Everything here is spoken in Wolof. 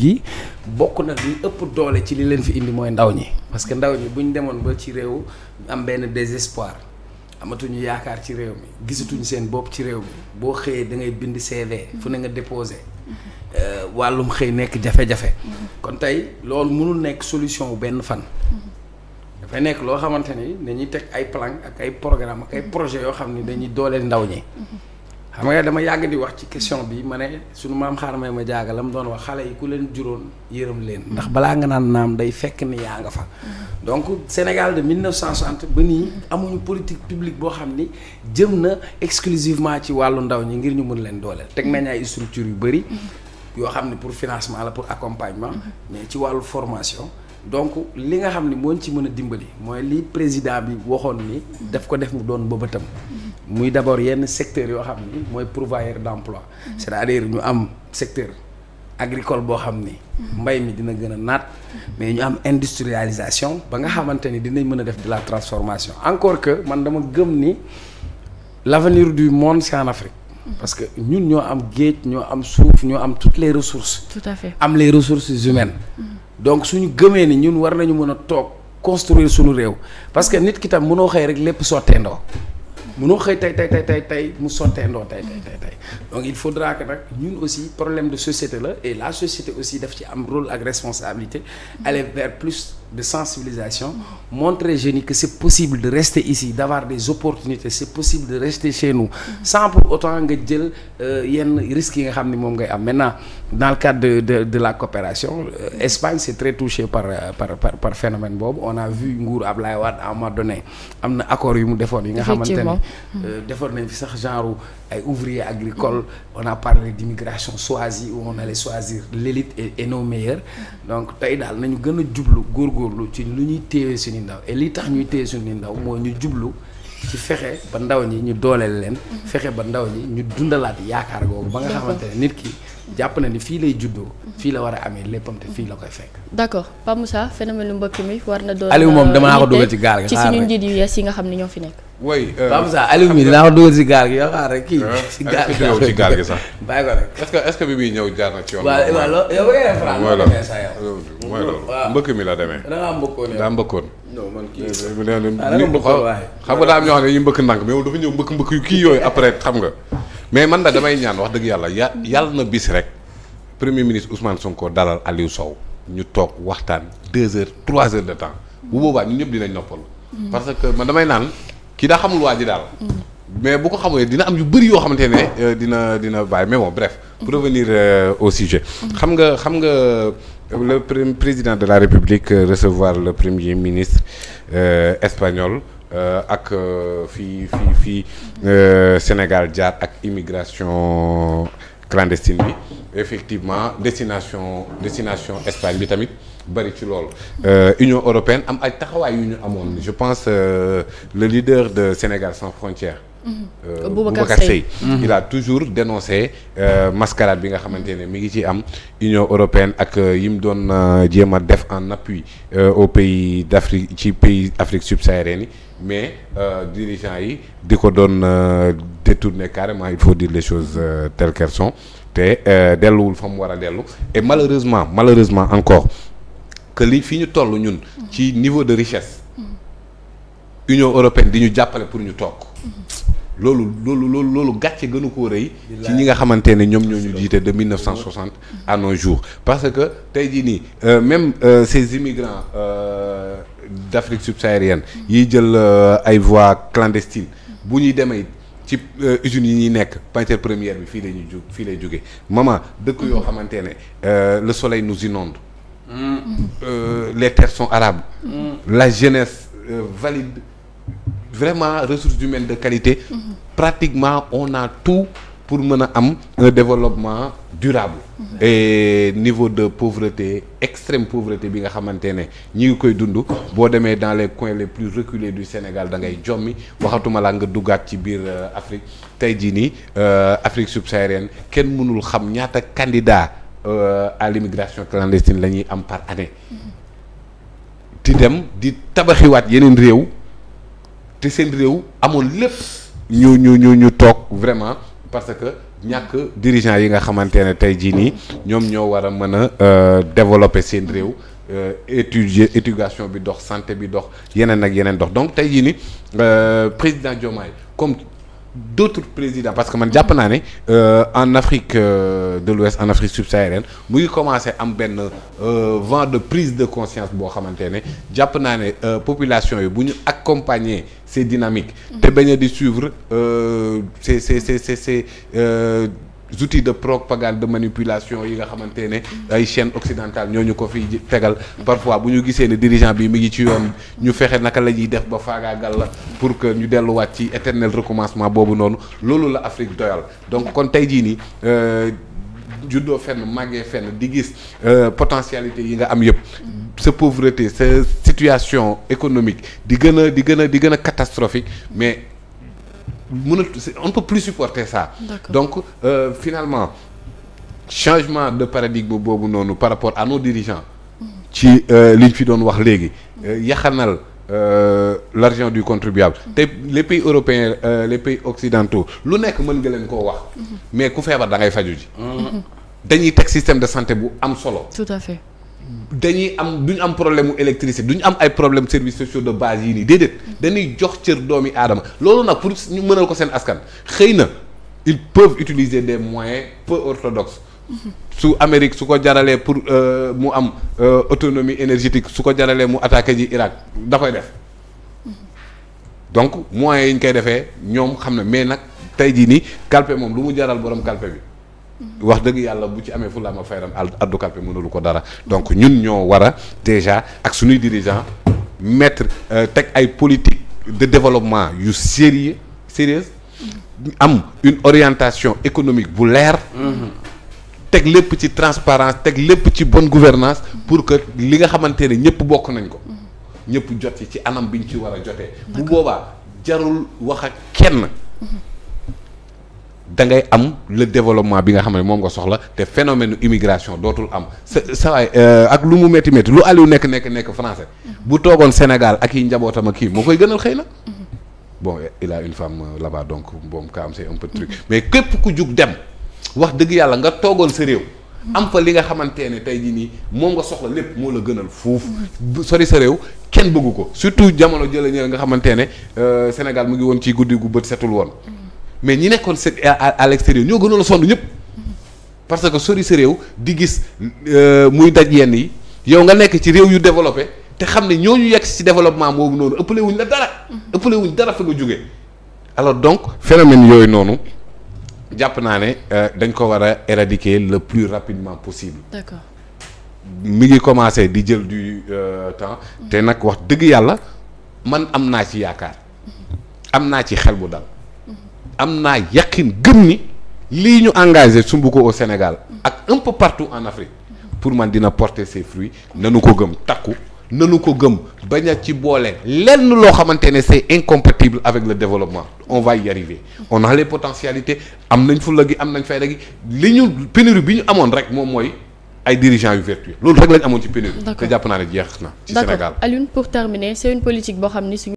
gi bokk nag li ëpp doole ci li leen fi indi mooy ndaw ñi parce que ndaw ñi bu ñu demoon ba ci réew am benn désespoir amatuñu yaakaar ci réew mi gisatuñu seen bopp ci réew mi boo xëyee da ngay bind CV fu ne nga déposé euh, wàllum xëy nekk jafe-jafe kon tey loolu mënul nekk solution benn fan dafay nekk loo xamante ni dañuy teg ay plan ak ay programme ak ay projet yoo xam ni dañuy dooleel ndaw ñi xam nga dama yàgg di wax ci question bi ma ne sunu maam xaar may ma jaaga la mu doon wax xale yi ku leen juróon yërëm leen ndax balaa nga naan naam day fekk ni yaa nga fa donc Sénégal de 1960 ba nii amuñu politique publique boo xam ni jëm na exclusivement ci wàllu ndaw ñi ngir ñu mën leen dooleel teg nañ ay structure yu bëri yoo xam ne pour financement la pour accompagnement mais ci wàllu formation donc li nga xam ni moo ci mën a dimbali mooy lii président bi waxoon ni daf ko def mu doon bëbëtam muy d' abord yenn secteur yoo xam ni mooy pourvoyeur d' emploi c' est ñu am secteur agricole boo xam ni mbay mi dina gën a naat mais ñu am industrialisation ba nga xamante ni dinañ mën a def de la transformation encore que man dama gëm ni l' avenir du monde c' est Afrique parce que ñun ñoo am géej ñoo am suuf ñoo am toutes les ressources tout à fait am les ressources humaines donc suñu gëmee ni ñun war nañu mën a toog construire suñu réew parce que nit kitam tam mënoo xëy rek lépp sotteendoo mënoo xëy tey tey tey tey tey mu sotteendoo tey tey tey tey donc il faudra que nag ñun aussi problème de société la et la société aussi daf ci am rôle ak responsabilité aller vers plus de sensibilisation montrer jeunes yi que c'est possible de rester ici d'avoir des opportunités c'est possible de rester chez nous sans pour nga jël euh, yenn risques yi nga xam ni moom ngay am maintenant dans le cadre de de de la coopération euh, Espagne c'est très touché par euh, par par par phénomène boobu on a vu nguur Ablaye Wade à un moment donné am na accord yu mu defoon yi nga xamante mm. euh, defoon nañ fi sax genre ay ouvriers agricole mm. on a parlé d'immigration choisie où on allait choisir l'élite et, et nos meilleurs mm. donc tey daal nañu gën a jublu góorlu ci lu ñuy téye suñu ndaw et li tax ñuy téye suñu ndaw mooy ñu jublu ci fexe ba ndaw ñi ñu dooleel leen. fexe ba ndaw ñi ñu dundalaat yaakaar googu ba nga xamante ne nit ki. jàpp na ni fii lay juddoo. fii la war a amee léppam te fii la koy fekk. d' accord Pape Moussa phénomène mi war na doon. Aliou moom euh, damaa ko dugal ci gaal gi ci suñu njiit nga xam ne ñoo fi nekk. oui euh, Pape Moussa Aliou mi dinaa ko dugal ci gaal gi yoo xaar rek kii. si gaal gi sax bàyyi ko rek. est que est ce bi muy ñëw jaar na ci yoon. waaw waaw loo yow bu ngeen mooy loolu mbëkk mi la demee. da ngaa mbëkkoon daa mbëkkoon. non man kii ah, xam nga daa am ñoo xam ne yu mbëkk ndànk mais dafa ñëw mbëkk mbëkk yu kii yooyu après xam nga mais man da damay ñaan wax dëgg yàlla ya na bis rek premier ministre Ousmane Sonko dalal Aliou Sow ñu toog waxtaan deux heures trois heures de temps bu boobaa ñun ñëpp dinañ noppal parce que man damay naan kii daa xamul waa ji daal mm. mais bu ko xamulee dina am yu bëri yoo xamante ne euh, dina dina bàyyi mais bon bref pour revenir euh, au sujet. xam nga xam nga euh, le président de la République euh, recevoir le premier ministre euh, espagnol. Euh, ak fii fii fii Sénégal jaar ak immigration clandestine bi effectivement destination destination Espagne bi tamit bëri ci loolu Union européenne am ay taxawaay yu ñu amoon je pense euh, le leader de Sénégal sans frontières Euh, Boubacar Seye mhm. il a toujours dénoncé euh, mascarade bi nga xamante ne mi ngi ci am Union européenne ak euh, yi mu doon jéem a def en appui aux pays d'Afrique ci pays Afrique subsaharienne yi mais dirigeants yi di ko doon détourner carrément il faut dire les choses telles qu'elles sont te delluwul fa mu war a dellu et malheureusement malheureusement encore que li fi ñu toll ñun ci niveau de richesse mhm. Union européenne di ñu jàppale pour ñu toog mhm. loolu loolu loolu loolu gàcce gënu koo rëy ci ñi nga xamante ne ñoom ñoo ñu jiite de 1960 à nos jours parce que tey jii nii euh, même euh, ces immigrants euh, d'Afrique subsaharienne mm. yiy jël euh, ay voies clandestines bu ñuy demee ci euh, usines yi ñuy nekk matière première bi fii la ñuy jug fii lay jóge maman dëkk yoo xamante ne le soleil nous inonde mm. euh, les terres sont arabes mm. la jeunesse valide vraiment ressources humaines de qualité. pratiquement on a tout pour mën a am développement durable. Mmh. niveau de pauvreté extrême pauvreté bi nga xamante ne ñi ngi koy dund boo demee dans les coins les plus reculés du Sénégal da ngay jommi waxatuma laa nga duggaat ci biir euh, Afrique tey jii nii euh, Afrique subsaharienne kenn mënul xam ñaata candidat euh, à l'immigration clandestine lañuy am par année. Mhm. di dem di tabaxiwaat yeneen réew. te seen réew amoon lépp ñu ñu ñu ñu toog vraiment parce que ñàkk dirigeant yi nga xamante ne tey jii nii ñoom ñoo war a mën a euh, développer seen réew euh, étudier éducation bi dox santé bi dox yeneen ak yeneen dox donc tey jii ni euh, président Diomaye comme d'autres présidents parce que man jàpp naa ne euh, en Afrique euh, de l'Ouest en Afrique subsaharienne mu ngi commencé am benn euh, vent de prise de conscience boo xamante ne jàpp naa ne population yi bu ñu accompagner ces dynamiques mm-hmm. te bañ di suivre ces ces ces ces outils de propagande de manipulation yi nga xamante ne ay chaînes occidentales ñoo ñu ko fi tegal parfois bu ñu gisee ne dirigeant bi mi ngi ci yoon ñu fexe naka la ñuy def ba faagaagal la pour que ñu delluwaat ci éternel recommencement boobu noonu loolu la Afrique doyal donc kon tey jii nii euh, juddoo fenn màggee fenn di gis euh, potentialité yi nga am yëpp sa pauvreté sa situation économique di gën a di gën a di gën a catastrophique mais mënatu on ne peut plus supporter ça. donc euh, finalement changement de paradigme boobu noonu par rapport à nos dirigeants. ci euh, li ñu fi doon wax léegi. Euh, yaxanal euh, l'argent du contribuable. te les pays européens euh, les pays occidentaux lu nekk mën nga leen koo wax. Mhm. mais ku feebar da ngay faju ji. dañuy teg système de santé bu am solo. tout à fait. dañuy am duñ am problème mu électricité duñ am ay problème services sociaux de base yii nii déedéet dañuy jox cër doomi aadama loolu nag pour ñu mënal ko seen askan xëy na ils peuvent utiliser des moyens peu orthodoxes su Amérique su ko jaralee pour euh, mu am euh, autonomie énergétique su ko jaralee mu attaqué ji Irak da def donc moyens yi ñu koy defee ñoom xam ne mais nag tey jii nii calpe moom lu mu jaral borom calpe bi. wax dëgg yàlla bu ci amee fu la ma fayram addu kalpe mënulu ko dara donc ñun ñoo war a déjà ak suñuy dirigeant mettre euh, teg ay politique de développement yu sérieux am une orientation économique bu leer teg lépp ci transparence teg lépp ci bonne gouvernance pour que li nga xamante ne ñëpp bokk nañ ko ñëpp jot ci ci anam biñ ci war a jotee bu boobaa jarul wax kenn da ngay am le développement bi nga xam ne moom nga soxla te phénomène immigration dootul am sa sa waay euh, ak lu mu métti métti lu Aliou nekk nekk nekk français bu toogoon Sénégal ak yi njabootam ak kii moo koy gënal xëy na bon il une femme euh, là donc boom ka am c'est un peu mais képp ku jug dem wax dëgg yàlla nga toogoon sa réew am fa li nga xamante ne tey jii nii moom nga soxla lépp moo la gënal fuuf sori sa réew kenn bëggu ko surtout jamono jële ñële nga xamante ne euh, Sénégal mu ngi woon ci guddi gu bët setul woon mais ñi nekkoon seen à ñoo gënoon a sonn ñëpp parce que sori sa réew di gis euh, muy daj yenn yi yow nga nekk ci réew yu développé te xam ne ñooñu yegg ci développement boobu noonu ëpple wuñ la dara. ëppale wuñ dara fa nga jógee. alors donc phénomène yooyu noonu jàpp naa ne euh, dañ ko war a éradiquer le plus rapidement possible. d'accord. mi ngi commencé di jël du euh, temps te nag wax dëgg yàlla man am naa ci yaakaar am naa ci xel bu dal. am naa yaqin gëm ni lii ñu engagé sumb ko au Sénégal ak un peu partout en Afrique pour man dina porter ses fruits nanu ko gëm takku nanu ko gëm bañ a ci boole lenn loo xamante ne c'est incompatible avec le développement on va y arriver on a les potentialités am nañ fulla gi am nañ fayda gi li ñu pénurie bi ñu amoon rek moom mooy ay dirigeants yu vertueux loolu rek lañ amoon ci pénurie te jàpp naa ne jeex na ci Sénégal Alioune pour terminer c'est une politique